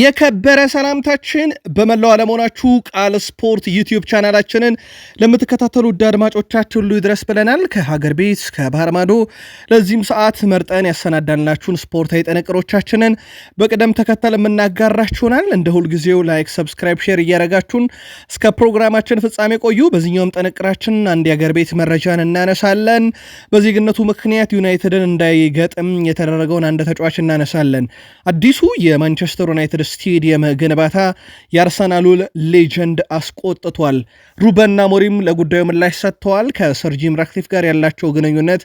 የከበረ ሰላምታችን በመላው አለመሆናችሁ ቃል ስፖርት ዩቲዩብ ቻናላችንን ለምትከታተሉ ውድ አድማጮቻችን ሁሉ ይድረስ ብለናል። ከሀገር ቤት ከባህር ማዶ ለዚህም ሰዓት መርጠን ያሰናዳንላችሁን ስፖርታዊ ጥንቅሮቻችንን በቅደም ተከተል የምናጋራችሁናል። እንደ ሁልጊዜው ላይክ፣ ሰብስክራይብ፣ ሼር እያረጋችሁን እስከ ፕሮግራማችን ፍጻሜ ቆዩ። በዚህኛውም ጥንቅራችን አንድ የሀገር ቤት መረጃን እናነሳለን። በዜግነቱ ምክንያት ዩናይትድን እንዳይገጥም የተደረገውን አንድ ተጫዋች እናነሳለን። አዲሱ የማንቸስተር ዩናይትድ ስቴዲየም ግንባታ የአርሰናሉን ሌጀንድ አስቆጥቷል። ሩበን አሞሪም ለጉዳዩ ምላሽ ሰጥተዋል። ከሰር ጂም ራትክሊፍ ጋር ያላቸው ግንኙነት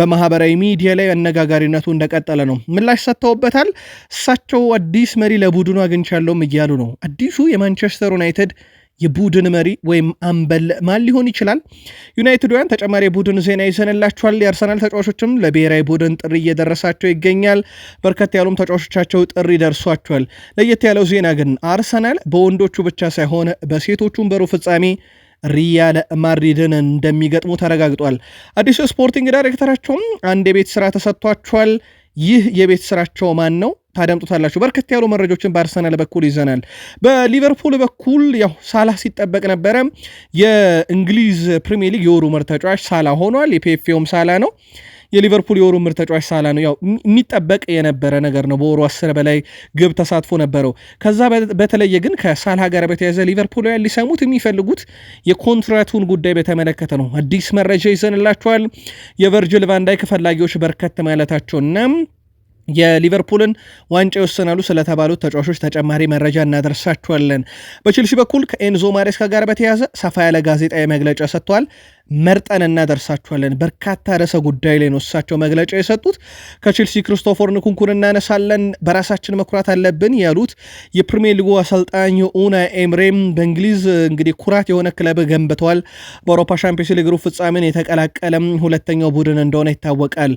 በማህበራዊ ሚዲያ ላይ አነጋጋሪነቱ እንደቀጠለ ነው። ምላሽ ሰጥተውበታል። እሳቸው አዲስ መሪ ለቡድኑ አግኝቻለሁም እያሉ ነው። አዲሱ የማንቸስተር ዩናይትድ የቡድን መሪ ወይም አምበል ማን ሊሆን ይችላል? ዩናይትዳውያን ተጨማሪ የቡድን ዜና ይዘንላችኋል። የአርሰናል ተጫዋቾችም ለብሔራዊ ቡድን ጥሪ እየደረሳቸው ይገኛል። በርከት ያሉም ተጫዋቾቻቸው ጥሪ ደርሷቸዋል። ለየት ያለው ዜና ግን አርሰናል በወንዶቹ ብቻ ሳይሆን በሴቶቹም በሩብ ፍጻሜ ሪያል ማድሪድን እንደሚገጥሙ ተረጋግጧል። አዲሱ ስፖርቲንግ ዳይሬክተራቸውም አንድ የቤት ስራ ተሰጥቷቸዋል። ይህ የቤት ስራቸው ማን ነው? ታደምጡታላችሁ። በርከት ያሉ መረጃዎችን በአርሰናል በኩል ይዘናል። በሊቨርፑል በኩል ያው ሳላ ሲጠበቅ ነበረ። የእንግሊዝ ፕሪሚየር ሊግ የወሩ ምርጥ ተጫዋች ሳላ ሆኗል። የፒኤፍኤውም ሳላ ነው። የሊቨርፑል የወሩ ምርጥ ተጫዋች ሳላ ነው። ያው የሚጠበቅ የነበረ ነገር ነው። በወሩ አስር በላይ ግብ ተሳትፎ ነበረው። ከዛ በተለየ ግን ከሳላ ጋር በተያዘ ሊቨርፑላውያን ሊሰሙት የሚፈልጉት የኮንትራቱን ጉዳይ በተመለከተ ነው። አዲስ መረጃ ይዘንላቸዋል። የቨርጅል ቫንዳይክ ፈላጊዎች በርከት ማለታቸውና የሊቨርፑልን ዋንጫ ይወስናሉ ስለተባሉት ተጫዋቾች ተጨማሪ መረጃ እናደርሳችኋለን። በቼልሲ በኩል ከኤንዞ ማሬስካ ጋር በተያዘ ሰፋ ያለ ጋዜጣዊ መግለጫ ሰጥቷል። መርጠን እናደርሳችኋለን። በርካታ ርዕሰ ጉዳይ ላይ ነው እሳቸው መግለጫ የሰጡት። ከቼልሲ ክርስቶፈር ንኩንኩን እናነሳለን፣ በራሳችን መኩራት አለብን ያሉት የፕሪሚየር ሊጉ አሰልጣኝ ኡና ኤምሬም በእንግሊዝ እንግዲህ ኩራት የሆነ ክለብ ገንብተዋል። በአውሮፓ ሻምፒዮንስ ሊግ ሩብ ፍጻሜን የተቀላቀለም ሁለተኛው ቡድን እንደሆነ ይታወቃል።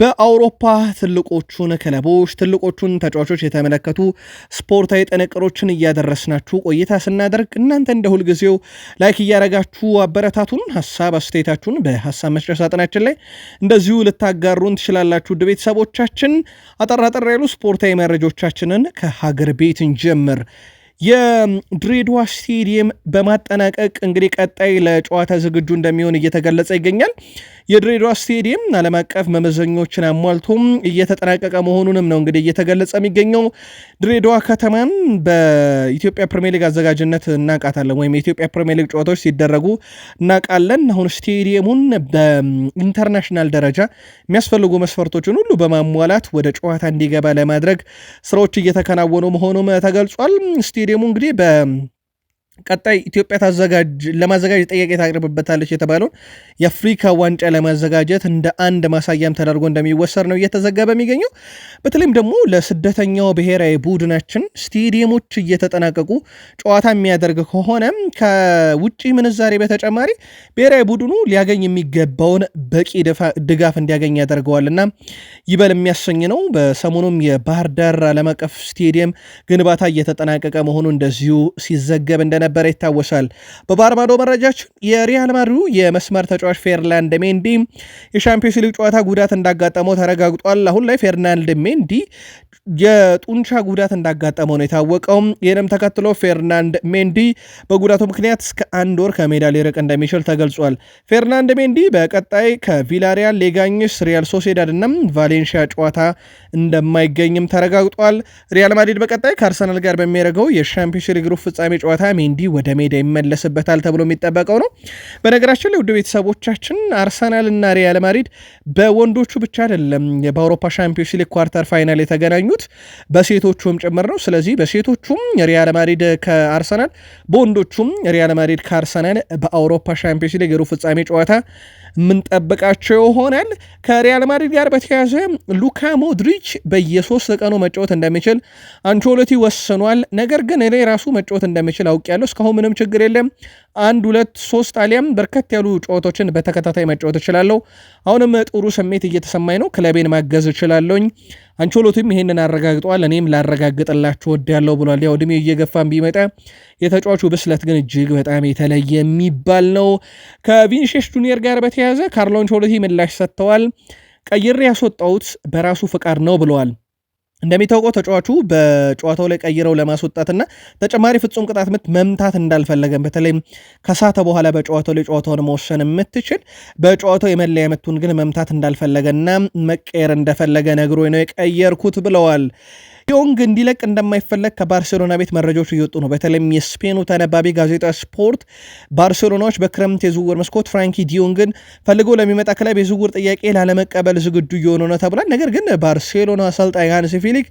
በአውሮፓ ትልቆቹን ክለቦች ትልቆቹን ተጫዋቾች የተመለከቱ ስፖርታዊ ጥንቅሮችን እያደረስናችሁ ቆይታ ስናደርግ እናንተ እንደ ሁልጊዜው ላይክ እያረጋችሁ አበረታቱን ሀሳብ ሀሳብ አስተያየታችሁን በሀሳብ መስጫ ሳጥናችን ላይ እንደዚሁ ልታጋሩን ትችላላችሁ። ውድ ቤተሰቦቻችን አጠራጠር ያሉ ስፖርታዊ መረጃዎቻችንን ከሀገር ቤት እንጀምር። የድሬዳዋ ስቴዲየም በማጠናቀቅ እንግዲህ ቀጣይ ለጨዋታ ዝግጁ እንደሚሆን እየተገለጸ ይገኛል። የድሬዳዋ ስቴዲየም ዓለም አቀፍ መመዘኞችን አሟልቶም እየተጠናቀቀ መሆኑንም ነው እንግዲህ እየተገለጸ የሚገኘው። ድሬዳዋ ከተማን በኢትዮጵያ ፕሪሚየር ሊግ አዘጋጅነት እናቃታለን ወይም የኢትዮጵያ ፕሪሚየር ሊግ ጨዋታዎች ሲደረጉ እናውቃለን። አሁን ስቴዲየሙን በኢንተርናሽናል ደረጃ የሚያስፈልጉ መስፈርቶችን ሁሉ በማሟላት ወደ ጨዋታ እንዲገባ ለማድረግ ስራዎች እየተከናወኑ መሆኑም ተገልጿል። Gribum Gribem. ቀጣይ ኢትዮጵያ ታዘጋጅ ለማዘጋጅ ጥያቄ ታቅርብበታለች የተባለውን የአፍሪካ ዋንጫ ለማዘጋጀት እንደ አንድ ማሳያም ተደርጎ እንደሚወሰድ ነው እየተዘገበ የሚገኘው። በተለይም ደግሞ ለስደተኛው ብሔራዊ ቡድናችን ስቴዲየሞች እየተጠናቀቁ ጨዋታ የሚያደርግ ከሆነ ከውጭ ምንዛሬ በተጨማሪ ብሔራዊ ቡድኑ ሊያገኝ የሚገባውን በቂ ድጋፍ እንዲያገኝ ያደርገዋል እና ይበል የሚያሰኝ ነው። በሰሞኑም የባህር ዳር ዓለም አቀፍ ስቴዲየም ግንባታ እየተጠናቀቀ መሆኑ እንደዚሁ ሲዘገብ እንደነበ እንደነበረ ይታወሳል። በባርማዶ መረጃችን የሪያል ማድሪዱ የመስመር ተጫዋች ፌርላንድ ሜንዲ የሻምፒዮንስ ሊግ ጨዋታ ጉዳት እንዳጋጠመው ተረጋግጧል። አሁን ላይ ፌርናንድ ሜንዲ የጡንቻ ጉዳት እንዳጋጠመው ነው የታወቀው። ይህንም ተከትሎ ፌርናንድ ሜንዲ በጉዳቱ ምክንያት እስከ አንድ ወር ከሜዳ ሊርቅ እንደሚችል ተገልጿል። ፌርናንድ ሜንዲ በቀጣይ ከቪላሪያል፣ ሌጋኝስ፣ ሪያል ሶሴዳድ እና ቫሌንሺያ ጨዋታ እንደማይገኝም ተረጋግጧል። ሪያል ማድሪድ በቀጣይ ከአርሰናል ጋር በሚያደርገው የሻምፒዮንስ ሊግ ሩብ ፍጻሜ ጨዋታ ዙቢሜንዲ ወደ ሜዳ ይመለስበታል ተብሎ የሚጠበቀው ነው። በነገራችን ላይ ውድ ቤተሰቦቻችን አርሰናል እና ሪያል ማድሪድ በወንዶቹ ብቻ አይደለም በአውሮፓ ሻምፒዮንስ ሊግ ኳርተር ፋይናል የተገናኙት በሴቶቹም ጭምር ነው። ስለዚህ በሴቶቹም ሪያል ማድሪድ ከአርሰናል፣ በወንዶቹም ሪያል ማድሪድ ከአርሰናል በአውሮፓ ሻምፒዮንስ ሊግ የሩብ ፍጻሜ ጨዋታ የምንጠብቃቸው ይሆናል። ከሪያል ማድሪድ ጋር በተያያዘ ሉካ ሞድሪች በየሶስት ቀኑ መጫወት እንደሚችል አንቾሎቲ ወስኗል። ነገር ግን እኔ ራሱ መጫወት እንደሚችል አውቅ ያለው እስካሁን ምንም ችግር የለም አንድ ሁለት ሶስት አሊያም በርከት ያሉ ጨዋታዎችን በተከታታይ መጫወት እችላለሁ። አሁንም ጥሩ ስሜት እየተሰማኝ ነው። ክለቤን ማገዝ እችላለሁኝ። አንቾሎቲም ይሄንን አረጋግጠዋል። እኔም ላረጋግጥላችሁ ወዳለሁ ብሏል። ያው እድሜው እየገፋን ቢመጣ የተጫዋቹ ብስለት ግን እጅግ በጣም የተለየ የሚባል ነው። ከቪኒሺየስ ጁኒየር ጋር በተያያዘ ካርሎ አንቾሎቲ ምላሽ ሰጥተዋል። ቀይሬ ያስወጣሁት በራሱ ፍቃድ ነው ብለዋል። እንደሚታወቀው ተጫዋቹ በጨዋታው ላይ ቀይረው ለማስወጣትና ተጨማሪ ፍጹም ቅጣት ምት መምታት እንዳልፈለገም በተለይም ከሳተ በኋላ በጨዋታው ላይ ጨዋታውን መወሰን የምትችል በጨዋታው የመለያ ምቱን ግን መምታት እንዳልፈለገና መቀየር እንደፈለገ ነግሮ ነው የቀየርኩት ብለዋል። ዲዮንግ እንዲለቅ እንደማይፈለግ ከባርሴሎና ቤት መረጃዎች እየወጡ ነው። በተለይም የስፔኑ ተነባቢ ጋዜጣ ስፖርት ባርሴሎናዎች በክረምት የዝውውር መስኮት ፍራንኪ ዲዮንግን ፈልጎ ለሚመጣ ክለብ የዝውውር ጥያቄ ላለመቀበል ዝግጁ እየሆኑ ነው ተብሏል። ነገር ግን ባርሴሎና አሰልጣኝ ሃንሲ ፊሊክ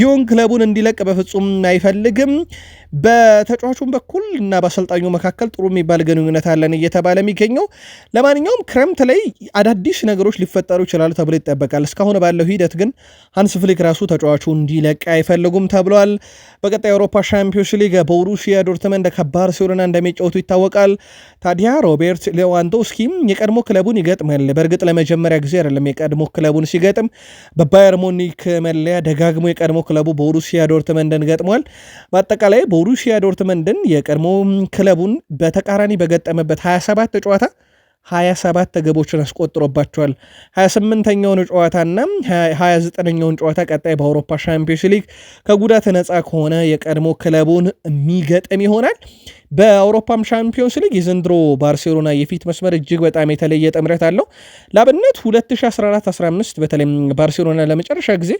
ዲዮንግ ክለቡን እንዲለቅ በፍጹም አይፈልግም። በተጫዋቹም በኩል እና በአሰልጣኙ መካከል ጥሩ የሚባል ግንኙነት አለን እየተባለ የሚገኘው ለማንኛውም ክረምት ላይ አዳዲስ ነገሮች ሊፈጠሩ ይችላሉ ተብሎ ይጠበቃል። እስካሁን ባለው ሂደት ግን ሃንስ ፊሊክ ራሱ ተጫዋቹ እንዲለቅ መልቀቅ አይፈልጉም ተብሏል። በቀጣይ የአውሮፓ ሻምፒዮንስ ሊግ በሩሲያ ዶርትመንድ ከባር ሲሆንና እንደሚጫወቱ ይታወቃል። ታዲያ ሮቤርት ሌዋንዶስኪም የቀድሞ ክለቡን ይገጥማል። በእርግጥ ለመጀመሪያ ጊዜ አይደለም የቀድሞ ክለቡን ሲገጥም። በባየር ሞኒክ መለያ ደጋግሞ የቀድሞ ክለቡ በሩሲያ ዶርትመንድን ገጥሟል። በአጠቃላይ በሩሲያ ዶርትመንድን የቀድሞ ክለቡን በተቃራኒ በገጠመበት 27 ጨዋታ 27 ተገቦችን አስቆጥሮባቸዋል። 28ኛውን ጨዋታና 29ኛውን ጨዋታ ቀጣይ በአውሮፓ ሻምፒዮንስ ሊግ ከጉዳት ነፃ ከሆነ የቀድሞ ክለቡን የሚገጥም ይሆናል። በአውሮፓም ሻምፒዮንስ ሊግ የዘንድሮ ባርሴሎና የፊት መስመር እጅግ በጣም የተለየ ጥምረት አለው። ለአብነት 2014/15 በተለይ ባርሴሎና ለመጨረሻ ጊዜ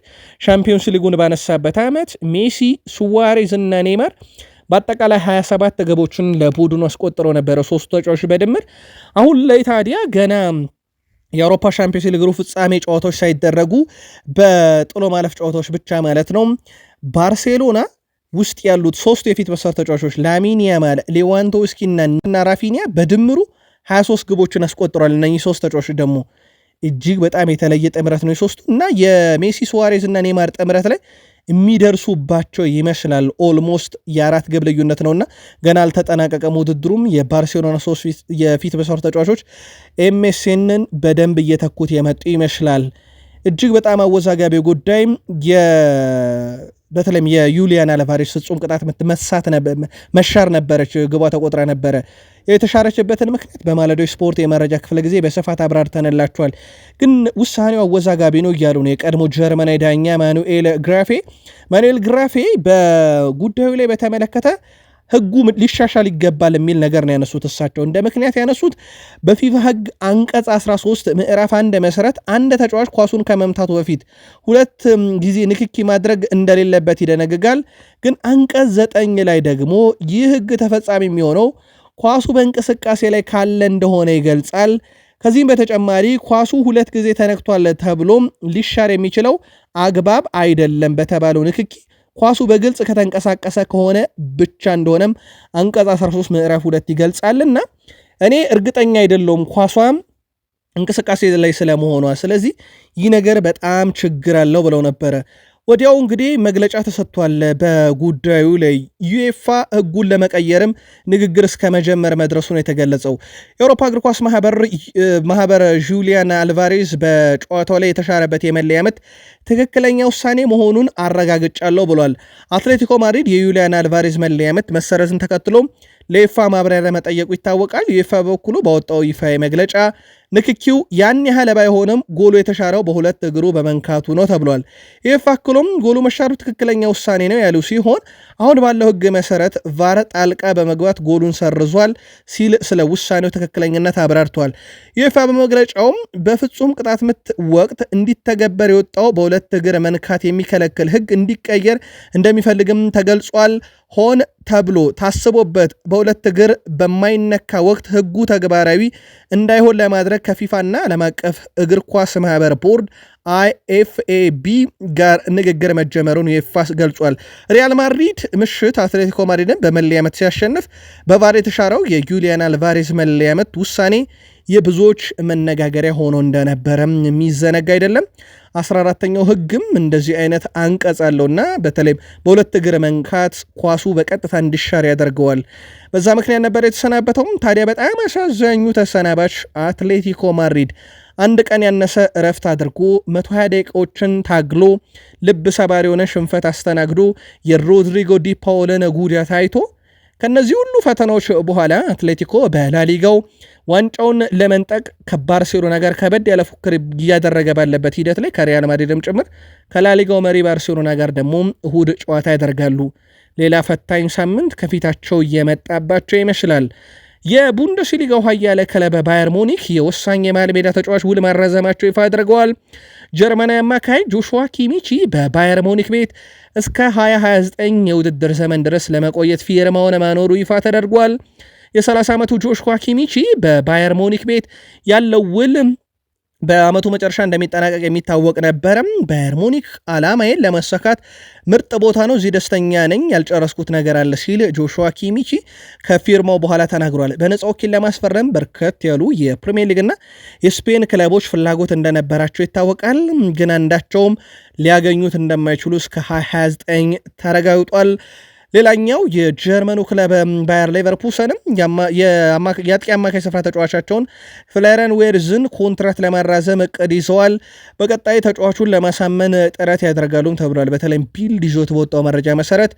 ሻምፒዮንስ ሊጉን ባነሳበት ዓመት ሜሲ፣ ሱዋሬዝ እና ኔይማር በአጠቃላይ 27 ግቦችን ለቡድኑ አስቆጥሮ ነበረ ሶስቱ ተጫዋቾች በድምር። አሁን ላይ ታዲያ ገና የአውሮፓ ሻምፒዮንስ ሊግ ሩብ ፍጻሜ ጨዋታዎች ሳይደረጉ በጥሎ ማለፍ ጨዋታዎች ብቻ ማለት ነው ባርሴሎና ውስጥ ያሉት ሶስቱ የፊት መስመር ተጫዋቾች ላሚን ያማል፣ ሌዋንዶውስኪና እና ራፊኒያ በድምሩ 23 ግቦችን አስቆጥሯል። እነኚህ ሶስት ተጫዋቾች ደግሞ እጅግ በጣም የተለየ ጥምረት ነው የሶስቱ እና የሜሲ ሱዋሬዝ እና ኔማር ጥምረት ላይ የሚደርሱባቸው ይመስላል። ኦልሞስት የአራት ግብ ልዩነት ነውና ገና አልተጠናቀቀም ውድድሩም። የባርሴሎና ሶስት የፊት መስመር ተጫዋቾች ኤምኤስኤንን በደንብ እየተኩት የመጡ ይመስላል። እጅግ በጣም አወዛጋቢ ጉዳይ በተለይም የዩሊያን አለቫሬጅ ፍጹም ቅጣት ምት መሻር ነበረች። ግቧ ተቆጥራ ነበረ። የተሻረችበትን ምክንያት በማለዳው ስፖርት የመረጃ ክፍለ ጊዜ በስፋት አብራርተንላችኋል። ግን ውሳኔው አወዛጋቢ ነው እያሉ ነው የቀድሞ ጀርመናዊ ዳኛ ማኑኤል ግራፌ። ማኑኤል ግራፌ በጉዳዩ ላይ በተመለከተ ህጉ ሊሻሻል ይገባል የሚል ነገር ነው ያነሱት። እሳቸው እንደ ምክንያት ያነሱት በፊፋ ህግ አንቀጽ 13 ምዕራፍ አንድ መሰረት አንድ ተጫዋች ኳሱን ከመምታቱ በፊት ሁለት ጊዜ ንክኪ ማድረግ እንደሌለበት ይደነግጋል። ግን አንቀጽ ዘጠኝ ላይ ደግሞ ይህ ህግ ተፈጻሚ የሚሆነው ኳሱ በእንቅስቃሴ ላይ ካለ እንደሆነ ይገልጻል። ከዚህም በተጨማሪ ኳሱ ሁለት ጊዜ ተነክቷል ተብሎም ሊሻር የሚችለው አግባብ አይደለም በተባለው ንክኪ ኳሱ በግልጽ ከተንቀሳቀሰ ከሆነ ብቻ እንደሆነም አንቀጽ 13 ምዕራፍ ሁለት ይገልጻልና እኔ እርግጠኛ አይደለውም ኳሷም እንቅስቃሴ ላይ ስለመሆኗ። ስለዚህ ይህ ነገር በጣም ችግር አለው ብለው ነበረ ወዲያው እንግዲህ መግለጫ ተሰጥቷል በጉዳዩ ላይ ዩኤፋ ህጉን ለመቀየርም ንግግር እስከ መጀመር መድረሱ ነው የተገለጸው። የአውሮፓ እግር ኳስ ማህበር ጁሊያን አልቫሬዝ በጨዋታው ላይ የተሻረበት የመለያ ምት ትክክለኛ ውሳኔ መሆኑን አረጋግጫለሁ ብሏል። አትሌቲኮ ማድሪድ የዩሊያን አልቫሬዝ መለያ ምት መሰረዝን ተከትሎ ለዩኤፋ ማብራሪያ መጠየቁ ይታወቃል። ዩኤፋ በበኩሉ ባወጣው ይፋ መግለጫ ንክኪው ያን ያህል ባይሆንም ጎሉ የተሻረው በሁለት እግሩ በመንካቱ ነው ተብሏል። ይህፍ አክሎም ጎሉ መሻሩ ትክክለኛ ውሳኔ ነው ያሉ ሲሆን አሁን ባለው ሕግ መሰረት ቫር ጣልቃ በመግባት ጎሉን ሰርዟል ሲል ስለ ውሳኔው ትክክለኝነት አብራርቷል። ይህ በመግለጫውም በፍጹም ቅጣት ምት ወቅት እንዲተገበር የወጣው በሁለት እግር መንካት የሚከለክል ሕግ እንዲቀየር እንደሚፈልግም ተገልጿል። ሆን ተብሎ ታስቦበት በሁለት እግር በማይነካ ወቅት ሕጉ ተግባራዊ እንዳይሆን ለማድረግ መድረክ ከፊፋና ዓለም አቀፍ እግር ኳስ ማህበር ቦርድ አይኤፍኤቢ ጋር ንግግር መጀመሩን የፋስ ገልጿል። ሪያል ማድሪድ ምሽት አትሌቲኮ ማድሪድን በመለያ ምት ሲያሸንፍ በቫር የተሻረው የጁሊያን አልቫሬዝ መለያ ምት ውሳኔ የብዙዎች መነጋገሪያ ሆኖ እንደነበረም የሚዘነጋ አይደለም። 14ተኛው ህግም እንደዚህ አይነት አንቀጽ አለውና በተለይም በሁለት እግር መንካት ኳሱ በቀጥታ እንዲሻር ያደርገዋል። በዛ ምክንያት ነበር የተሰናበተውም። ታዲያ በጣም አሳዛኙ ተሰናባች አትሌቲኮ ማድሪድ አንድ ቀን ያነሰ እረፍት አድርጎ 120 ደቂቃዎችን ታግሎ ልብ ሰባሪ የሆነ ሽንፈት አስተናግዶ የሮድሪጎ ዲፓውሎን ጉዳት አይቶ ከእነዚህ ሁሉ ፈተናዎች በኋላ አትሌቲኮ በላሊጋው ዋንጫውን ለመንጠቅ ከባርሴሎና ጋር ከበድ ያለ ፉክክር እያደረገ ባለበት ሂደት ላይ ከሪያል ማድሪድም ጭምር ከላሊጋው መሪ ባርሴሎና ጋር ደግሞ እሁድ ጨዋታ ያደርጋሉ። ሌላ ፈታኝ ሳምንት ከፊታቸው እየመጣባቸው ይመስላል። የቡንደስሊጋው ኃያል ክለብ ባየር ሙኒክ የወሳኝ የመሃል ሜዳ ተጫዋች ውል ማራዘማቸው ይፋ አድርገዋል። ጀርመናዊ አማካይ ጆሹዋ ኪሚቺ በባየር ሞኒክ ቤት እስከ 2029 የውድድር ዘመን ድረስ ለመቆየት ፊርማውን ማኖሩ ይፋ ተደርጓል። የ30 ዓመቱ ጆሹዋ ኪሚቺ በባየር ሞኒክ ቤት ያለው ውል በአመቱ መጨረሻ እንደሚጠናቀቅ የሚታወቅ ነበረም። ባየር ሙኒክ አላማዬን ምርጥ ቦታ ነው፣ እዚህ ደስተኛ ነኝ፣ ያልጨረስኩት ነገር አለ ሲል ጆሹዋ ኪሚቺ ከፊርማው በኋላ ተናግሯል። በነጻ ወኪል ለማስፈረም በርከት ያሉ የፕሪሚየር ሊግና የስፔን ክለቦች ፍላጎት እንደነበራቸው ይታወቃል። ግን አንዳቸውም ሊያገኙት እንደማይችሉ እስከ 2029 ተረጋግጧል። ሌላኛው የጀርመኑ ክለብ ባየር ሌቨርፑሰንም የአጥቂ አማካይ ስፍራ ተጫዋቻቸውን ፍላረን ዌርዝን ኮንትራት ለማራዘም እቅድ ይዘዋል። በቀጣይ ተጫዋቹን ለማሳመን ጥረት ያደርጋሉም ተብሏል። በተለይም ቢልድ ይዞት በወጣው መረጃ መሰረት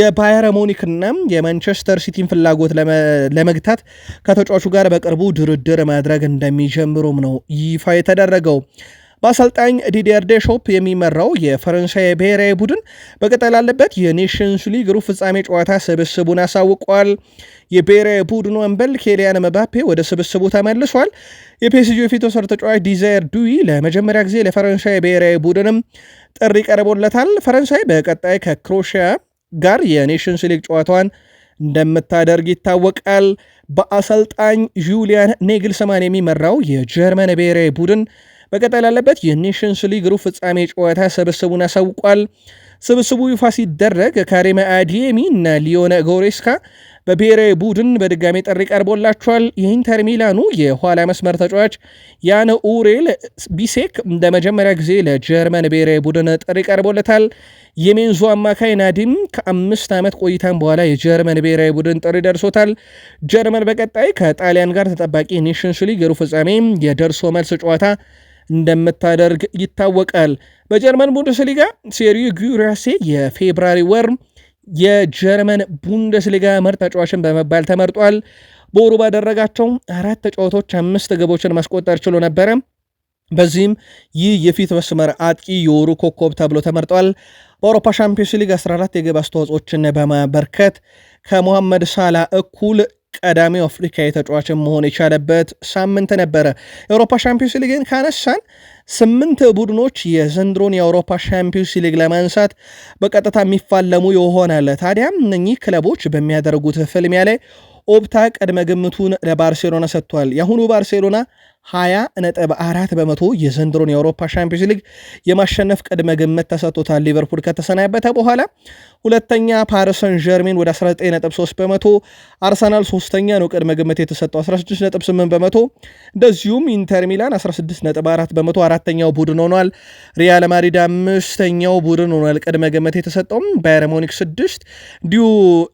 የባየር ሞኒክና የማንቸስተር ሲቲን ፍላጎት ለመግታት ከተጫዋቹ ጋር በቅርቡ ድርድር ማድረግ እንደሚጀምሩም ነው ይፋ የተደረገው። በአሰልጣኝ ዲዲር ዴሾፕ የሚመራው የፈረንሳይ ብሔራዊ ቡድን በቀጣይ ላለበት የኔሽንስ ሊግ ሩብ ፍጻሜ ጨዋታ ስብስቡን አሳውቋል። የብሔራዊ ቡድኑ አምበል ኬሊያን መባፔ ወደ ስብስቡ ተመልሷል። የፒኤስጂ የፊት ወሰር ተጫዋች ዲዛይር ዱዊ ለመጀመሪያ ጊዜ ለፈረንሳይ ብሔራዊ ቡድንም ጥሪ ቀርቦለታል። ፈረንሳይ በቀጣይ ከክሮሽያ ጋር የኔሽንስ ሊግ ጨዋታዋን እንደምታደርግ ይታወቃል። በአሰልጣኝ ዡሊያን ኔግልስማን የሚመራው የጀርመን ብሔራዊ ቡድን መቀጠል ያለበት የኔሽንስ ሊግ ሩብ ፍጻሜ ጨዋታ ስብስቡን አሳውቋል። ስብስቡ ይፋ ሲደረግ ካሪም አዲየሚ እና ሊዮነ ጎሬስካ በብሔራዊ ቡድን በድጋሚ ጥሪ ቀርቦላቸዋል። የኢንተር ሚላኑ የኋላ መስመር ተጫዋች ያን ኡሬል ቢሴክ እንደ መጀመሪያ ጊዜ ለጀርመን ብሔራዊ ቡድን ጥሪ ቀርቦለታል። የሜንዙ አማካይ ናዲም ከአምስት ዓመት ቆይታን በኋላ የጀርመን ብሔራዊ ቡድን ጥሪ ደርሶታል። ጀርመን በቀጣይ ከጣሊያን ጋር ተጠባቂ ኔሽንስ ሊግ የሩብ ፍጻሜ የደርሶ መልስ ጨዋታ እንደምታደርግ ይታወቃል። በጀርመን ቡንደስሊጋ ሴሪዩ ጊራሴ የፌብራሪ ወር የጀርመን ቡንደስሊጋ ምርጥ ተጫዋችን በመባል ተመርጧል። በወሩ ባደረጋቸው አራት ተጫዋቶች አምስት ግቦችን ማስቆጠር ችሎ ነበረ። በዚህም ይህ የፊት መስመር አጥቂ የወሩ ኮከብ ተብሎ ተመርጧል። በአውሮፓ ሻምፒዮንስ ሊግ 14 የግብ አስተዋጽኦችን በማበርከት ከሞሐመድ ሳላ እኩል ቀዳሚው አፍሪካዊ ተጫዋችን መሆን የቻለበት ሳምንት ነበረ። የአውሮፓ ሻምፒዮንስ ሊግን ካነሳን ስምንት ቡድኖች የዘንድሮን የአውሮፓ ሻምፒዮንስ ሊግ ለማንሳት በቀጥታ የሚፋለሙ ይሆናል። ታዲያም እነኚህ ክለቦች በሚያደርጉት ፍልሚያ ላይ ኦፕታ ቅድመ ግምቱን ለባርሴሎና ሰጥቷል። የአሁኑ ባርሴሎና አራት በመቶ የዘንድሮን የአውሮፓ ሻምፒዮንስ ሊግ የማሸነፍ ቅድመ ግምት ተሰጥቶታል። ሊቨርፑል ከተሰናበተ በኋላ ሁለተኛ ፓሪሰን ጀርሜን ወደ 19.3 በመቶ፣ አርሰናል ሶስተኛ ነው ቅድመ ግምት የተሰጠው 16.8 በመቶ፣ እንደዚሁም ኢንተር ሚላን 16.4 በመቶ አራተኛው ቡድን ሆኗል። ሪያል ማድሪድ አምስተኛው ቡድን ሆኗል ቅድመ ግምት የተሰጠውም፣ ባየር ሙኒክ 6 እንዲሁ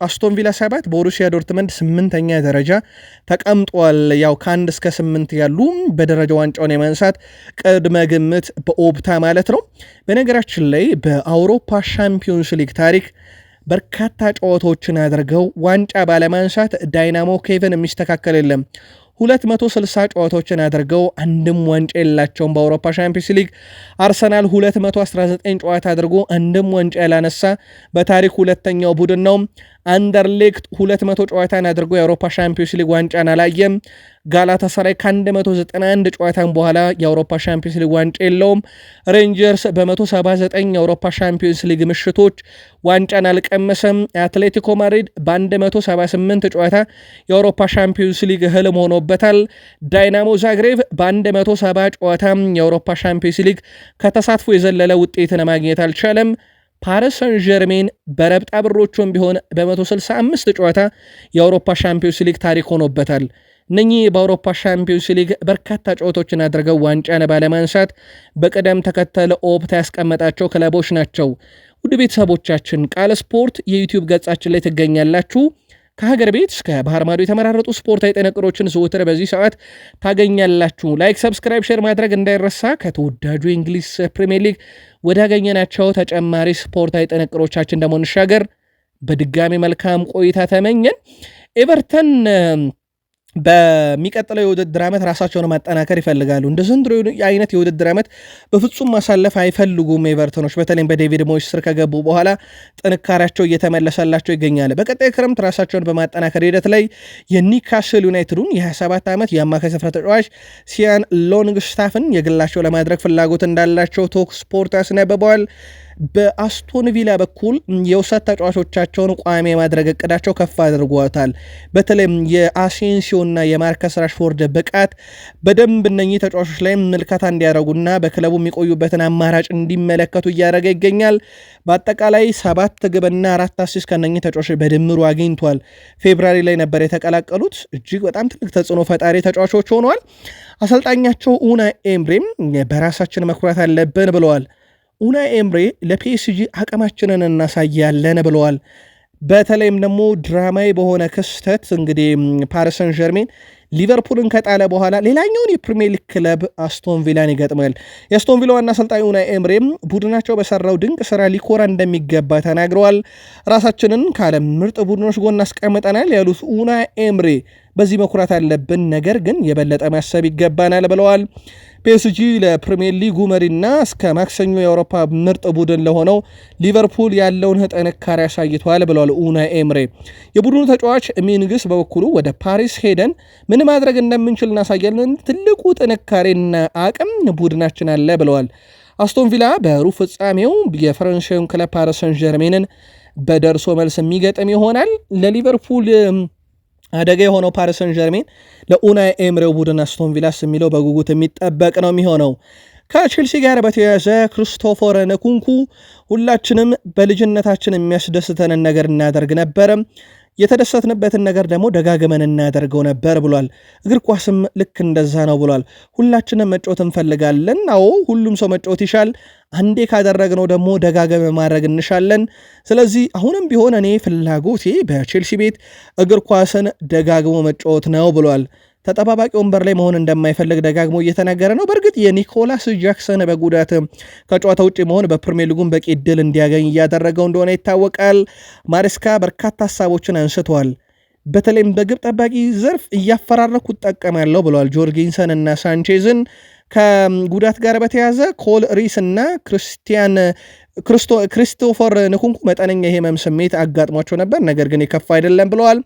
አስቶን ቪላ 7 በሩሲያ ዶርትመንድ ስምንተኛ ደረጃ ተቀምጧል። ያው ከአንድ እስከ ስምንት ያሉ በደረጃ ዋንጫውን የማንሳት ቅድመ ግምት በኦፕታ ማለት ነው። በነገራችን ላይ በአውሮፓ ሻምፒዮንስ ሊግ ታሪክ በርካታ ጨዋታዎችን አድርገው ዋንጫ ባለማንሳት ዳይናሞ ኬቨን የሚስተካከል የለም። 260 ጨዋታዎችን አድርገው አንድም ዋንጫ የላቸውም። በአውሮፓ ሻምፒዮንስ ሊግ አርሰናል 219 ጨዋታ አድርጎ አንድም ዋንጫ ያላነሳ በታሪክ ሁለተኛው ቡድን ነው። አንደርሌክት 200 ጨዋታን አድርጎ የአውሮፓ ሻምፒዮንስ ሊግ ዋንጫን አላየም። ጋላታሳራይ ከ191 ጨዋታን በኋላ የአውሮፓ ሻምፒዮንስ ሊግ ዋንጫ የለውም። ሬንጀርስ በ179 የአውሮፓ ሻምፒዮንስ ሊግ ምሽቶች ዋንጫን አልቀመሰም። አትሌቲኮ ማድሪድ በ178 ጨዋታ የአውሮፓ ሻምፒዮንስ ሊግ ህልም ሆኖበታል። ዳይናሞ ዛግሬቭ በ170 ጨዋታ የአውሮፓ ሻምፒዮንስ ሊግ ከተሳትፎ የዘለለ ውጤትን ማግኘት አልቻለም። ፓሪስ ሰን ዠርሜን በረብጣ ብሮቹም ቢሆን በ165 ጨዋታ የአውሮፓ ሻምፒዮንስ ሊግ ታሪክ ሆኖበታል። እነኚህ በአውሮፓ ሻምፒዮንስ ሊግ በርካታ ጨዋታዎችን አድርገው ዋንጫን ባለማንሳት በቅደም ተከተል ኦፕታ ያስቀመጣቸው ክለቦች ናቸው። ውድ ቤተሰቦቻችን ቃል ስፖርት የዩቲዩብ ገጻችን ላይ ትገኛላችሁ። ከሀገር ቤት እስከ ባህር ማዶ የተመራረጡ ስፖርታዊ ጥንቅሮችን ዘወትር በዚህ ሰዓት ታገኛላችሁ። ላይክ፣ ሰብስክራይብ፣ ሼር ማድረግ እንዳይረሳ። ከተወዳጁ የእንግሊዝ ፕሪምየር ሊግ ወዳገኘናቸው ተጨማሪ ስፖርታዊ ጥንቅሮቻችን ደግሞ እንሻገር። በድጋሚ መልካም ቆይታ ተመኘን። ኤቨርተን በሚቀጥለው የውድድር ዓመት ራሳቸውን ማጠናከር ይፈልጋሉ። እንደ ዘንድሮ አይነት የውድድር ዓመት በፍጹም ማሳለፍ አይፈልጉም። ኤቨርተኖች በተለይም በዴቪድ ሞይስ ስር ከገቡ በኋላ ጥንካሬያቸው እየተመለሰላቸው ይገኛል። በቀጣይ ክረምት ራሳቸውን በማጠናከር ሂደት ላይ የኒካስል ዩናይትዱን የ27 ዓመት የአማካይ ስፍራ ተጫዋች ሲያን ሎንግስታፍን የግላቸው ለማድረግ ፍላጎት እንዳላቸው ቶክ ስፖርት አስነብበዋል። በአስቶን ቪላ በኩል የውሰት ተጫዋቾቻቸውን ቋሚ የማድረግ እቅዳቸው ከፍ አድርጓታል። በተለይም የአሴንሲዮና የማርከስ ራሽፎርድ ብቃት በደንብ እነኚህ ተጫዋቾች ላይ ምልከታ እንዲያደርጉና በክለቡ የሚቆዩበትን አማራጭ እንዲመለከቱ እያደረገ ይገኛል። በአጠቃላይ ሰባት ግብና አራት አሲስት ከነኚህ ተጫዋቾች በድምሩ አግኝቷል። ፌብራሪ ላይ ነበር የተቀላቀሉት። እጅግ በጣም ትልቅ ተጽዕኖ ፈጣሪ ተጫዋቾች ሆኗል። አሰልጣኛቸው ኡና ኤምሬም በራሳችን መኩራት አለብን ብለዋል። ኡና ኤምሬ ለፒኤስጂ አቅማችንን እናሳያለን ብለዋል። በተለይም ደግሞ ድራማዊ በሆነ ክስተት እንግዲህ ፓሪሰን ጀርሜን ሊቨርፑልን ከጣለ በኋላ ሌላኛውን የፕሪሚየር ሊግ ክለብ አስቶን ቪላን ይገጥማል። የአስቶን ቪላ ዋና አሰልጣኝ ኡናይ ኤምሬም ቡድናቸው በሰራው ድንቅ ስራ ሊኮራ እንደሚገባ ተናግረዋል። ራሳችንን ከዓለም ምርጥ ቡድኖች ጎን አስቀምጠናል ያሉት ኡናይ ኤምሬ በዚህ መኩራት አለብን፣ ነገር ግን የበለጠ ማሰብ ይገባናል ብለዋል። ፒኤስጂ ለፕሪምየር ሊጉ መሪና እስከ ማክሰኞ የአውሮፓ ምርጥ ቡድን ለሆነው ሊቨርፑል ያለውን ጥንካሬ አሳይቷል ብለዋል ኡና ኤምሬ። የቡድኑ ተጫዋች ሚንግስ በበኩሉ ወደ ፓሪስ ሄደን ምን ማድረግ እንደምንችል እናሳያለን። ትልቁ ጥንካሬና አቅም ቡድናችን አለ ብለዋል። አስቶን ቪላ በሩብ ፍጻሜው የፈረንሳዩን ክለብ ፓሪስ ሰን ጀርሜንን በደርሶ መልስ የሚገጥም ይሆናል። ለሊቨርፑል አደጋ የሆነው ፓሪሰን ጀርሜን ለኡናይ ኤምሬው ቡድን አስቶን ቪላስ የሚለው በጉጉት የሚጠበቅ ነው የሚሆነው። ከቼልሲ ጋር በተያያዘ ክርስቶፈር ንኩንኩ ሁላችንም በልጅነታችን የሚያስደስተንን ነገር እናደርግ ነበር የተደሰትንበትን ነገር ደግሞ ደጋግመን እናደርገው ነበር ብሏል። እግር ኳስም ልክ እንደዛ ነው ብሏል። ሁላችንም መጫወት እንፈልጋለን። አዎ ሁሉም ሰው መጫወት ይሻል። አንዴ ካደረግነው ደግሞ ደጋገመ ማድረግ እንሻለን። ስለዚህ አሁንም ቢሆን እኔ ፍላጎቴ በቼልሲ ቤት እግር ኳስን ደጋግሞ መጫወት ነው ብሏል። ተጠባባቂ ወንበር ላይ መሆን እንደማይፈልግ ደጋግሞ እየተናገረ ነው። በእርግጥ የኒኮላስ ጃክሰን በጉዳት ከጨዋታ ውጭ መሆን በፕሪሚየር ሊጉን በቂ ድል እንዲያገኝ እያደረገው እንደሆነ ይታወቃል። ማሬስካ በርካታ ሀሳቦችን አንስተዋል። በተለይም በግብ ጠባቂ ዘርፍ እያፈራረኩ እጠቀማለሁ ብለዋል። ጆርጊንሰን እና ሳንቼዝን ከጉዳት ጋር በተያዘ ኮል ሪስ እና ክርስቲያን ክሪስቶፈር ንኩንኩ መጠነኛ የህመም ስሜት አጋጥሟቸው ነበር፣ ነገር ግን የከፋ አይደለም ብለዋል።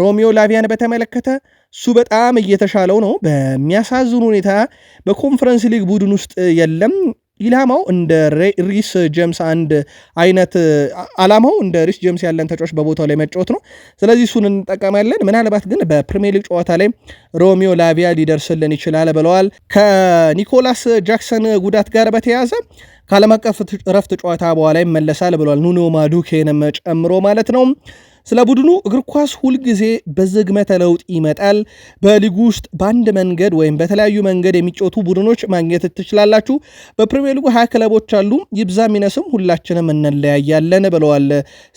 ሮሚዮ ላቪያን በተመለከተ እሱ በጣም እየተሻለው ነው። በሚያሳዝን ሁኔታ በኮንፈረንስ ሊግ ቡድን ውስጥ የለም። ኢላማው እንደ ሪስ ጀምስ አንድ አይነት አላማው እንደ ሪስ ጀምስ ያለን ተጫዋች በቦታው ላይ መጫወት ነው። ስለዚህ እሱን እንጠቀማለን። ምናልባት ግን በፕሪሚየር ሊግ ጨዋታ ላይ ሮሚዮ ላቪያ ሊደርስልን ይችላል ብለዋል። ከኒኮላስ ጃክሰን ጉዳት ጋር በተያያዘ ከዓለም አቀፍ ረፍት ጨዋታ በኋላ ይመለሳል ብለዋል። ኑኖ ማዱኬንም ጨምሮ ማለት ነው። ስለ ቡድኑ እግር ኳስ ሁልጊዜ በዝግመተ ለውጥ ይመጣል። በሊጉ ውስጥ በአንድ መንገድ ወይም በተለያዩ መንገድ የሚጫወቱ ቡድኖች ማግኘት ትችላላችሁ። በፕሪሚየር ሊጉ ሀያ ክለቦች አሉ። ይብዛ ሚነስም ሁላችንም እንለያያለን ብለዋል።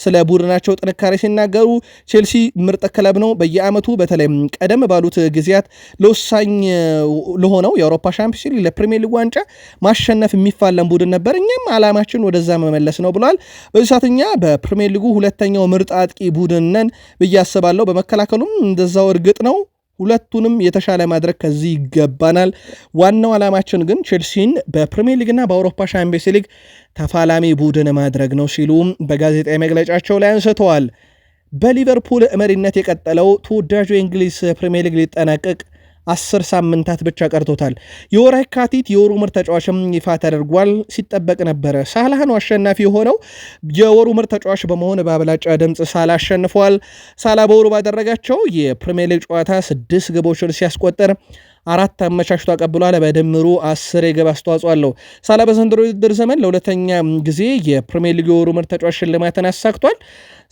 ስለ ቡድናቸው ጥንካሬ ሲናገሩ ቼልሲ ምርጥ ክለብ ነው። በየአመቱ በተለይም ቀደም ባሉት ጊዜያት ለወሳኝ ለሆነው የአውሮፓ ሻምፒዮንስ ሊግ ለፕሪሚየር ሊግ ዋንጫ ማሸነፍ የሚፋለም ቡድን ነበር። እኛም አላማችን ወደዛ መመለስ ነው ብለዋል። በዚህ ሰዓት እኛ በፕሪሚየር ሊጉ ሁለተኛው ምርጥ አጥቂ ቡድን ነን ብዬ አስባለሁ። በመከላከሉም እንደዛው እርግጥ ነው ሁለቱንም የተሻለ ማድረግ ከዚህ ይገባናል። ዋናው ዓላማችን ግን ቼልሲን በፕሪሚየር ሊግና በአውሮፓ ሻምፒዮንስ ሊግ ተፋላሚ ቡድን ማድረግ ነው ሲሉ በጋዜጣዊ መግለጫቸው ላይ አንስተዋል። በሊቨርፑል መሪነት የቀጠለው ተወዳጁ የእንግሊዝ ፕሪሚየር ሊግ ሊጠናቀቅ አስር ሳምንታት ብቻ ቀርቶታል። የወር የካቲት የወሩ ምርጥ ተጫዋችም ይፋ ተደርጓል። ሲጠበቅ ነበረ። ሳላህ ነው አሸናፊ የሆነው። የወሩ ምርጥ ተጫዋች በመሆን በአብላጫ ድምፅ ሳላ አሸንፏል። ሳላ በወሩ ባደረጋቸው የፕሪሚየር ሊግ ጨዋታ ስድስት ግቦችን ሲያስቆጠር አራት አመቻችቶ አቀብሏል። በድምሩ አስር የግብ አስተዋጽኦ አለው። ሳላ በዘንድሮ ውድድር ዘመን ለሁለተኛ ጊዜ የፕሪሚየር ሊግ የወሩ ምርጥ ተጫዋች ሽልማትን አሳክቷል።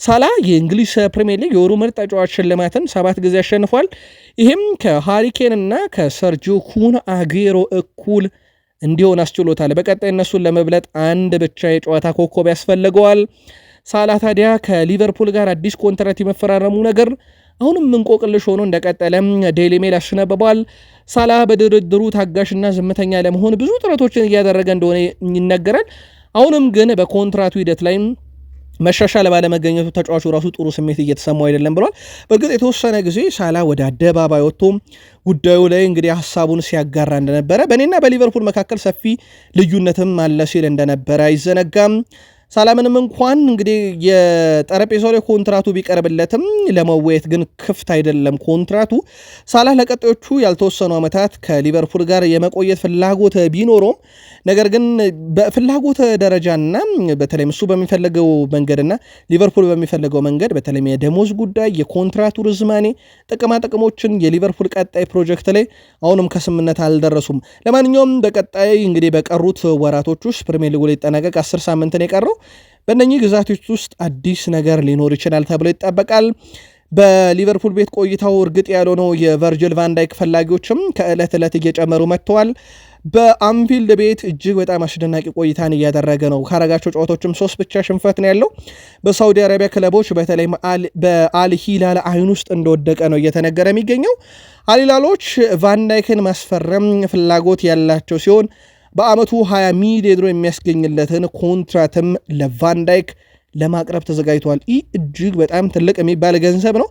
ሳላ የእንግሊዝ ፕሪሚየር ሊግ የወሩ ምርጥ ተጫዋች ሽልማትን ሰባት ጊዜ አሸንፏል። ይህም ከሃሪኬንና ከሰርጂዮ ኩን አጌሮ እኩል እንዲሆን አስችሎታል። በቀጣይ እነሱን ለመብለጥ አንድ ብቻ የጨዋታ ኮከብ ያስፈልገዋል። ሳላ ታዲያ ከሊቨርፑል ጋር አዲስ ኮንትራት የመፈራረሙ ነገር አሁንም እንቆቅልሽ ሆኖ እንደቀጠለ ዴይሊ ሜል አስነብቧል። ሳላህ በድርድሩ ታጋሽና ዝምተኛ ለመሆን ብዙ ጥረቶችን እያደረገ እንደሆነ ይነገራል። አሁንም ግን በኮንትራቱ ሂደት ላይ መሻሻል ባለመገኘቱ ተጫዋቹ ራሱ ጥሩ ስሜት እየተሰማው አይደለም ብሏል። በእርግጥ የተወሰነ ጊዜ ሳላ ወደ አደባባይ ወጥቶ ጉዳዩ ላይ እንግዲህ ሀሳቡን ሲያጋራ እንደነበረ በእኔና በሊቨርፑል መካከል ሰፊ ልዩነትም አለ ሲል እንደነበረ አይዘነጋም። ሳላምንም እንኳን እንግዲህ የጠረጴዛው ላይ ኮንትራቱ ቢቀርብለትም ለመወየት ግን ክፍት አይደለም ኮንትራቱ። ሳላህ ለቀጣዮቹ ያልተወሰኑ ዓመታት ከሊቨርፑል ጋር የመቆየት ፍላጎት ቢኖረውም ነገር ግን በፍላጎት ደረጃና በተለይም እሱ በሚፈለገው መንገድና ሊቨርፑል በሚፈለገው መንገድ በተለይም የደሞዝ ጉዳይ፣ የኮንትራቱ ርዝማኔ፣ ጥቅማጥቅሞችን የሊቨርፑል ቀጣይ ፕሮጀክት ላይ አሁንም ከስምነት አልደረሱም። ለማንኛውም በቀጣይ እንግዲህ በቀሩት ወራቶች ውስጥ ፕሪሚየር ሊጉ ሊጠናቀቅ አስር ሳምንትን የቀረው በእነኚህ ግዛቶች ውስጥ አዲስ ነገር ሊኖር ይችላል ተብሎ ይጠበቃል። በሊቨርፑል ቤት ቆይታው እርግጥ ያልሆነው የቨርጅል ቫንዳይክ ፈላጊዎችም ከዕለት ዕለት እየጨመሩ መጥተዋል። በአንፊልድ ቤት እጅግ በጣም አስደናቂ ቆይታን እያደረገ ነው። ካረጋቸው ጨዋታዎችም ሶስት ብቻ ሽንፈት ነው ያለው። በሳውዲ አረቢያ ክለቦች በተለይ በአልሂላል አይን ውስጥ እንደወደቀ ነው እየተነገረ የሚገኘው። አልሂላሎች ቫንዳይክን ማስፈረም ፍላጎት ያላቸው ሲሆን በአመቱ 20 ሚሊዮን ዩሮ የሚያስገኝለትን ኮንትራትም ለቫንዳይክ ለማቅረብ ተዘጋጅቷል። ይህ እጅግ በጣም ትልቅ የሚባል ገንዘብ ነው።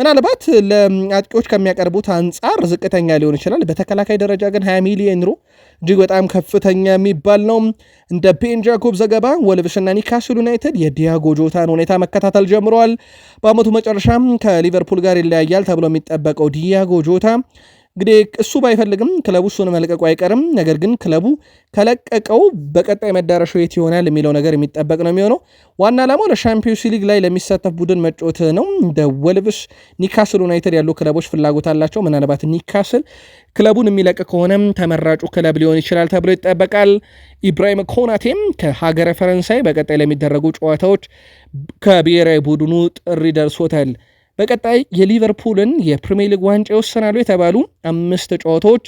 ምናልባት ለአጥቂዎች ከሚያቀርቡት አንጻር ዝቅተኛ ሊሆን ይችላል። በተከላካይ ደረጃ ግን 20 ሚሊዮን ዩሮ እጅግ በጣም ከፍተኛ የሚባል ነው። እንደ ቤን ጃኮብ ዘገባ ወልቭስና ኒካስል ዩናይትድ የዲያጎ ጆታን ሁኔታ መከታተል ጀምረዋል። በአመቱ መጨረሻም ከሊቨርፑል ጋር ይለያያል ተብሎ የሚጠበቀው ዲያጎ ጆታ እንግዲህ እሱ ባይፈልግም ክለቡ እሱን መልቀቁ አይቀርም። ነገር ግን ክለቡ ከለቀቀው በቀጣይ መዳረሻው የት ይሆናል የሚለው ነገር የሚጠበቅ ነው የሚሆነው። ዋና ዓላማው ለሻምፒዮንስ ሊግ ላይ ለሚሳተፍ ቡድን መጮት ነው። እንደ ወልቭስ፣ ኒካስል ዩናይትድ ያሉ ክለቦች ፍላጎት አላቸው። ምናልባት ኒካስል ክለቡን የሚለቅ ከሆነም ተመራጩ ክለብ ሊሆን ይችላል ተብሎ ይጠበቃል። ኢብራሂም ኮናቴም ከሀገረ ፈረንሳይ በቀጣይ ለሚደረጉ ጨዋታዎች ከብሔራዊ ቡድኑ ጥሪ ደርሶታል። በቀጣይ የሊቨርፑልን የፕሪሚየር ሊግ ዋንጫ ይወሰናሉ የተባሉ አምስት ጨዋታዎች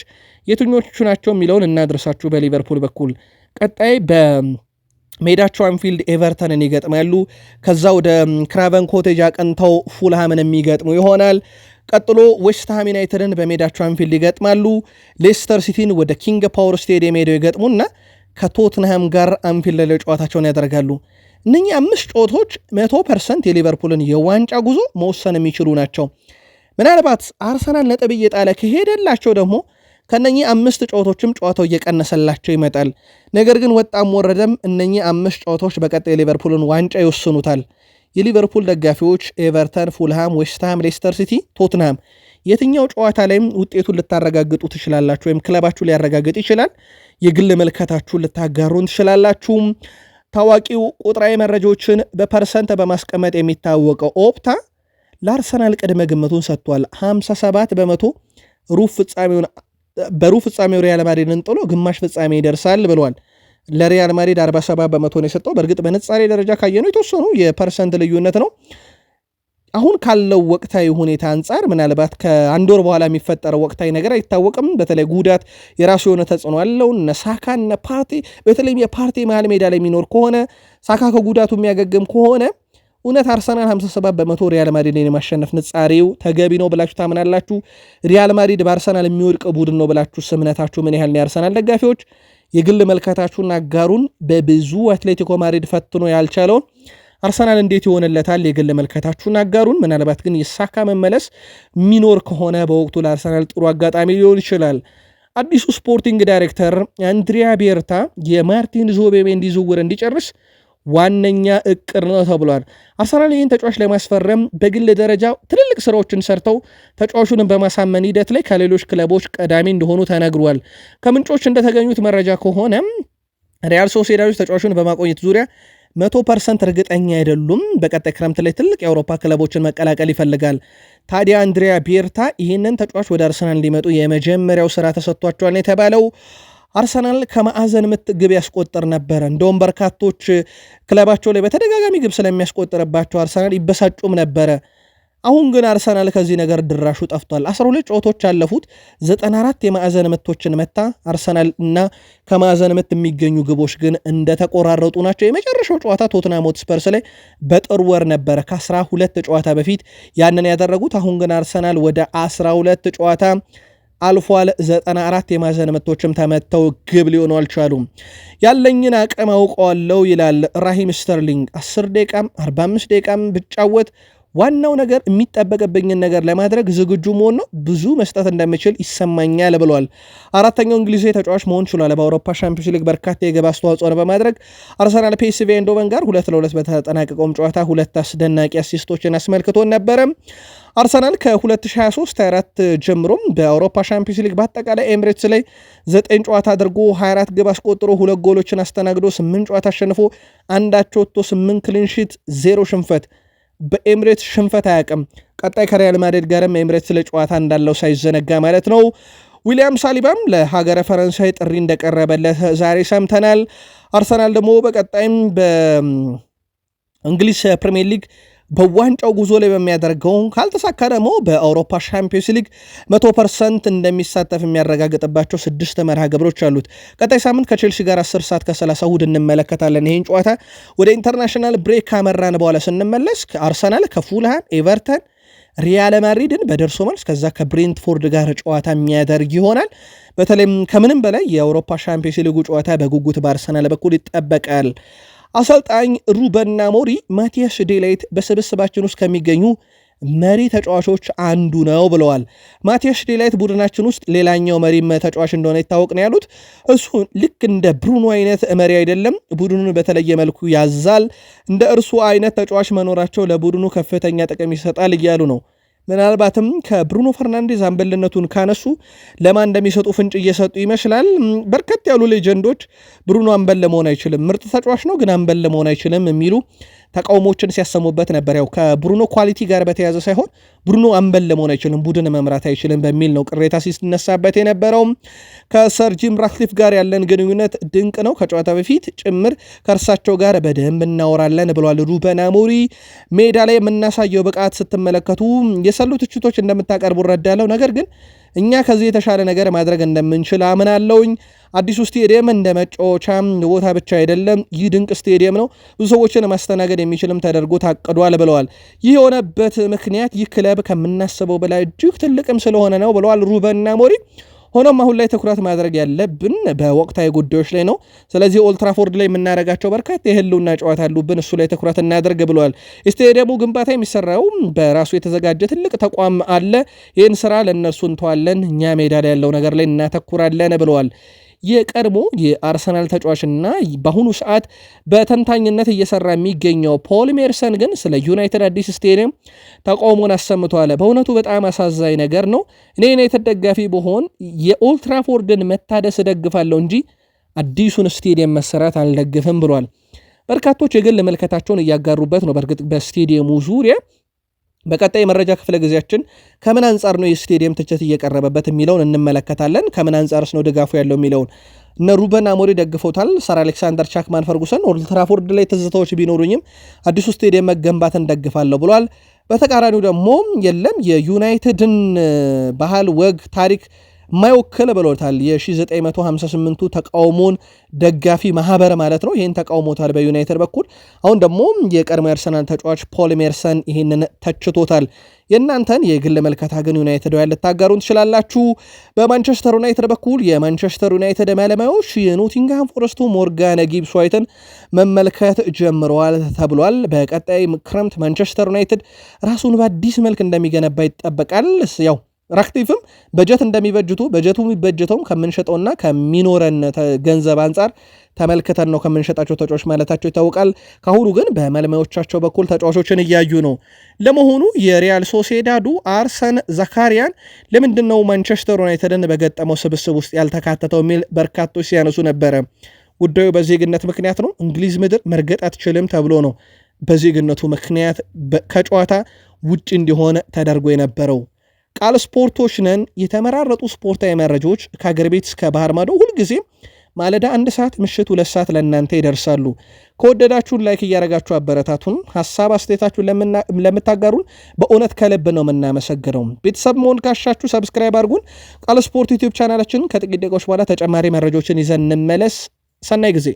የትኞቹ ናቸው የሚለውን እናድረሳችሁ። በሊቨርፑል በኩል ቀጣይ በሜዳቸው አንፊልድ ኤቨርተንን ይገጥማሉ። ከዛ ወደ ክራቨን ኮቴጅ አቀንተው ፉልሃምን የሚገጥሙ ይሆናል። ቀጥሎ ዌስትሃም ዩናይትድን በሜዳቸው አንፊልድ ይገጥማሉ። ሌስተር ሲቲን ወደ ኪንግ ፓወር ስቴዲየም ሄደው ይገጥሙና ከቶትንሃም ጋር አንፊልድ ላይ ጨዋታቸውን ያደርጋሉ። እነኚህ አምስት ጨዋታዎች መቶ ፐርሰንት የሊቨርፑልን የዋንጫ ጉዞ መወሰን የሚችሉ ናቸው። ምናልባት አርሰናል ነጥብ እየጣለ ከሄደላቸው ደግሞ ከነኚህ አምስት ጨዋታዎችም ጨዋታው እየቀነሰላቸው ይመጣል። ነገር ግን ወጣም ወረደም እነኚህ አምስት ጨዋታዎች በቀጣይ የሊቨርፑልን ዋንጫ ይወስኑታል። የሊቨርፑል ደጋፊዎች ኤቨርተን፣ ፉልሃም፣ ዌስትሃም፣ ሌስተር ሲቲ፣ ቶትንሃም የትኛው ጨዋታ ላይም ውጤቱን ልታረጋግጡ ትችላላችሁ፣ ወይም ክለባችሁ ሊያረጋግጥ ይችላል። የግል መልከታችሁን ልታጋሩን ትችላላችሁም። ታዋቂው ቁጥራዊ መረጃዎችን በፐርሰንት በማስቀመጥ የሚታወቀው ኦፕታ ለአርሰናል ቅድመ ግምቱን ሰጥቷል። 57 በመቶ በሩብ ፍጻሜው ሪያል ማድሪድን ጥሎ ግማሽ ፍጻሜ ይደርሳል ብለዋል። ለሪያል ማድሪድ 47 በመቶ ነው የሰጠው። በእርግጥ በንጻሬ ደረጃ ካየነው የተወሰኑ የፐርሰንት ልዩነት ነው። አሁን ካለው ወቅታዊ ሁኔታ አንጻር ምናልባት ከአንድ ወር በኋላ የሚፈጠረው ወቅታዊ ነገር አይታወቅም። በተለይ ጉዳት የራሱ የሆነ ተጽዕኖ አለው። እነ ሳካ እነ ፓርቴ፣ በተለይም የፓርቴ መሃል ሜዳ ላይ የሚኖር ከሆነ ሳካ ከጉዳቱ የሚያገግም ከሆነ እውነት አርሰናል 57 በመቶ ሪያል ማድሪድን የማሸነፍ ንጻሬው ተገቢ ነው ብላችሁ ታምናላችሁ? ሪያል ማድሪድ በአርሰናል የሚወድቅ ቡድን ነው ብላችሁ ስምነታችሁ ምን ያህል ነው? የአርሰናል ደጋፊዎች የግል መልከታችሁን አጋሩን። በብዙ አትሌቲኮ ማድሪድ ፈትኖ ያልቻለውን አርሰናል እንዴት ይሆንለታል? የግል መልከታችሁን አጋሩን። ምናልባት ግን የሳካ መመለስ ሚኖር ከሆነ በወቅቱ ለአርሰናል ጥሩ አጋጣሚ ሊሆን ይችላል። አዲሱ ስፖርቲንግ ዳይሬክተር አንድሪያ ቤርታ የማርቲን ዙቢሜንዲ ዝውውር እንዲጨርስ ዋነኛ እቅድ ነው ተብሏል። አርሰናል ይህን ተጫዋች ለማስፈረም በግል ደረጃ ትልልቅ ስራዎችን ሰርተው ተጫዋቹንም በማሳመን ሂደት ላይ ከሌሎች ክለቦች ቀዳሚ እንደሆኑ ተነግሯል። ከምንጮች እንደተገኙት መረጃ ከሆነ ሪያል ሶሴዳዶች ተጫዋቹን በማቆየት ዙሪያ መቶ ፐርሰንት እርግጠኛ አይደሉም። በቀጣይ ክረምት ላይ ትልቅ የአውሮፓ ክለቦችን መቀላቀል ይፈልጋል። ታዲያ አንድሪያ ቤርታ ይህንን ተጫዋች ወደ አርሰናል እንዲመጡ የመጀመሪያው ስራ ተሰጥቷቸዋል የተባለው። አርሰናል ከማዕዘን ምት ግብ ያስቆጥር ነበረ። እንደውም በርካቶች ክለባቸው ላይ በተደጋጋሚ ግብ ስለሚያስቆጥርባቸው አርሰናል ይበሳጩም ነበረ። አሁን ግን አርሰናል ከዚህ ነገር ድራሹ ጠፍቷል። 12 ጨዋታዎች ያለፉት 94 የማዕዘን ምቶችን መታ አርሰናል እና ከማዕዘን ምት የሚገኙ ግቦች ግን እንደተቆራረጡ ናቸው። የመጨረሻው ጨዋታ ቶትናም ሆትስፐርስ ላይ በጥር ወር ነበረ ከ12 ጨዋታ በፊት ያንን ያደረጉት። አሁን ግን አርሰናል ወደ 12 ጨዋታ አልፏል። 94 የማዕዘን ምቶችም ተመተው ግብ ሊሆኑ አልቻሉም። ያለኝን አቅም አውቀዋለሁ ይላል ራሂም ስተርሊንግ። 10 ደቂቃም 45 ደቂቃም ብጫወት ዋናው ነገር የሚጠበቅብኝን ነገር ለማድረግ ዝግጁ መሆን ነው፣ ብዙ መስጠት እንደምችል ይሰማኛል ብለዋል። አራተኛው እንግሊዛዊ ተጫዋች መሆን ችሏል። በአውሮፓ ሻምፒዮንስ ሊግ በርካታ የግብ አስተዋጽኦን በማድረግ አርሰናል ፒኤስቪ አይንዶቨን ጋር ሁለት ለሁለት በተጠናቀቀውም ጨዋታ ሁለት አስደናቂ አሲስቶችን አስመልክቶን ነበረ። አርሰናል ከ2023 24 ጀምሮም በአውሮፓ ሻምፒዮንስ ሊግ በአጠቃላይ ኤምሬትስ ላይ ዘጠኝ ጨዋታ አድርጎ 24 ግብ አስቆጥሮ ሁለት ጎሎችን አስተናግዶ ስምንት ጨዋታ አሸንፎ አንዳቸው ወጥቶ ስምንት ክሊንሺት ዜሮ ሽንፈት በኤምሬት ሽንፈት አያውቅም። ቀጣይ ከሪያል ማድሪድ ጋርም ስለ ጨዋታ እንዳለው ሳይዘነጋ ማለት ነው። ዊሊያም ሳሊባም ለሀገረ ፈረንሳይ ጥሪ እንደቀረበለት ዛሬ ሰምተናል። አርሰናል ደግሞ በቀጣይም በእንግሊዝ ፕሪሚየር ሊግ በዋንጫው ጉዞ ላይ በሚያደርገው ካልተሳካ ደግሞ በአውሮፓ ሻምፒዮንስ ሊግ መቶ ፐርሰንት እንደሚሳተፍ የሚያረጋግጥባቸው ስድስት መርሃ ግብሮች አሉት። ቀጣይ ሳምንት ከቼልሲ ጋር 10 ሰዓት ከ30 እሁድ እንመለከታለን። ይህን ጨዋታ ወደ ኢንተርናሽናል ብሬክ ካመራን በኋላ ስንመለስ አርሰናል ከፉልሃም፣ ኤቨርተን፣ ሪያል ማድሪድን በደርሶ መልስ ከዛ ከብሬንትፎርድ ጋር ጨዋታ የሚያደርግ ይሆናል። በተለይም ከምንም በላይ የአውሮፓ ሻምፒዮንስ ሊጉ ጨዋታ በጉጉት በአርሰናል በኩል ይጠበቃል። አሰልጣኝ ሩበን ሞሪ ማቲያስ ዴላይት በስብስባችን ውስጥ ከሚገኙ መሪ ተጫዋቾች አንዱ ነው ብለዋል። ማቲያስ ዴላይት ቡድናችን ውስጥ ሌላኛው መሪም ተጫዋች እንደሆነ ይታወቅ ነው ያሉት። እሱ ልክ እንደ ብሩኖ አይነት መሪ አይደለም፣ ቡድኑን በተለየ መልኩ ያዛል። እንደ እርሱ አይነት ተጫዋች መኖራቸው ለቡድኑ ከፍተኛ ጥቅም ይሰጣል እያሉ ነው ምናልባትም ከብሩኖ ፈርናንዴዝ አንበልነቱን ካነሱ ለማን እንደሚሰጡ ፍንጭ እየሰጡ ይመስላል። በርከት ያሉ ሌጀንዶች ብሩኖ አንበል ለመሆን አይችልም፣ ምርጥ ተጫዋች ነው ግን አንበል ለመሆን አይችልም የሚሉ ተቃውሞችን ሲያሰሙበት ነበር። ያው ከብሩኖ ኳሊቲ ጋር በተያዘ ሳይሆን ብሩኖ አምበል ለመሆን አይችልም፣ ቡድን መምራት አይችልም በሚል ነው ቅሬታ ሲነሳበት የነበረውም። ከሰር ጂም ራትክሊፍ ጋር ያለን ግንኙነት ድንቅ ነው፣ ከጨዋታ በፊት ጭምር ከእርሳቸው ጋር በደንብ እናወራለን ብለዋል ሩበን አሞሪ። ሜዳ ላይ የምናሳየው ብቃት ስትመለከቱ የሰሉ ትችቶች እንደምታቀርቡ እረዳለሁ፣ ነገር ግን እኛ ከዚህ የተሻለ ነገር ማድረግ እንደምንችል አምናለውኝ አዲሱ ስቴዲየም እንደ መጫወቻም ቦታ ብቻ አይደለም። ይህ ድንቅ ስቴዲየም ነው፣ ብዙ ሰዎችን ማስተናገድ የሚችልም ተደርጎ ታቅዷል ብለዋል። ይህ የሆነበት ምክንያት ይህ ክለብ ከምናስበው በላይ እጅግ ትልቅም ስለሆነ ነው ብለዋል ሩበን አሞሪም። ሆኖም አሁን ላይ ትኩረት ማድረግ ያለብን በወቅታዊ ጉዳዮች ላይ ነው። ስለዚህ ኦልትራፎርድ ላይ የምናደርጋቸው በርካታ የህልውና ጨዋታ ያሉብን እሱ ላይ ትኩረት እናደርግ ብለዋል። ስቴዲየሙ ግንባታ የሚሰራው በራሱ የተዘጋጀ ትልቅ ተቋም አለ። ይህን ስራ ለእነርሱ እንተዋለን፣ እኛ ሜዳ ላይ ያለው ነገር ላይ እናተኩራለን ብለዋል። የቀድሞ የአርሰናል ተጫዋችና በአሁኑ ሰዓት በተንታኝነት እየሰራ የሚገኘው ፖል ሜርሰን ግን ስለ ዩናይትድ አዲስ ስቴዲየም ተቃውሞን አሰምቷል። በእውነቱ በጣም አሳዛኝ ነገር ነው። እኔ ዩናይትድ ደጋፊ በሆን የኦልትራፎርድን መታደስ እደግፋለሁ እንጂ አዲሱን ስቴዲየም መሰራት አልደግፍም ብሏል። በርካቶች የግል መልከታቸውን እያጋሩበት ነው። በእርግጥ በስቴዲየሙ ዙሪያ በቀጣይ የመረጃ ክፍለ ጊዜያችን ከምን አንጻር ነው የስቴዲየም ትችት እየቀረበበት የሚለውን እንመለከታለን። ከምን አንጻርስ ነው ድጋፉ ያለው የሚለውን እነ ሩበን አሞሪ ደግፎታል። ሰር አሌክሳንደር ቻክማን ፈርጉሰን ኦልድ ላይ ትዝታዎች ቢኖሩኝም አዲሱ ስቴዲየም መገንባት እንደግፋለሁ ብሏል። በተቃራኒው ደግሞ የለም የዩናይትድን ባህል፣ ወግ፣ ታሪክ ማይወክል ብሎታል። የ1958ቱ ተቃውሞን ደጋፊ ማህበር ማለት ነው። ይህን ተቃውሞታል በዩናይትድ በኩል። አሁን ደግሞ የቀድሞ የአርሰናል ተጫዋች ፖል ሜርሰን ይህንን ተችቶታል። የእናንተን የግል መልከታ ግን ዩናይትዳውያን ልታጋሩን ትችላላችሁ። በማንቸስተር ዩናይትድ በኩል የማንቸስተር ዩናይትድ ባለሙያዎች የኖቲንግሃም ፎረስቱ ሞርጋነ ጊብስ ዋይትን መመልከት ጀምረዋል ተብሏል። በቀጣይ ክረምት ማንቸስተር ዩናይትድ ራሱን በአዲስ መልክ እንደሚገነባ ይጠበቃል። ያው ራክቲቭም በጀት እንደሚበጅቱ በጀቱ የሚበጅተውም ከምንሸጠውና ከሚኖረን ገንዘብ አንጻር ተመልክተን ነው ከምንሸጣቸው ተጫዋች ማለታቸው ይታወቃል። ከአሁኑ ግን በመልማዮቻቸው በኩል ተጫዋቾችን እያዩ ነው። ለመሆኑ የሪያል ሶሴዳዱ አርሰን ዘካሪያን ለምንድን ነው ማንቸስተር ዩናይትድን በገጠመው ስብስብ ውስጥ ያልተካተተው የሚል በርካቶች ሲያነሱ ነበረ። ጉዳዩ በዜግነት ምክንያት ነው። እንግሊዝ ምድር መርገጥ አትችልም ተብሎ ነው በዜግነቱ ምክንያት ከጨዋታ ውጭ እንዲሆን ተደርጎ የነበረው ቃል ስፖርቶች ነን። የተመራረጡ ስፖርታዊ መረጃዎች ከአገር ቤት እስከ ባህር ማዶ ሁልጊዜም ማለዳ አንድ ሰዓት፣ ምሽት ሁለት ሰዓት ለእናንተ ይደርሳሉ። ከወደዳችሁን ላይክ እያደረጋችሁ አበረታቱን። ሀሳብ አስተያየታችሁን ለምታጋሩን በእውነት ከልብ ነው የምናመሰግነው። ቤተሰብ መሆን ካሻችሁ ሰብስክራይብ አድርጉን። ቃል ስፖርት ዩቲዩብ ቻናላችን ከጥቂት ደቂቃዎች በኋላ ተጨማሪ መረጃዎችን ይዘን እንመለስ። ሰናይ ጊዜ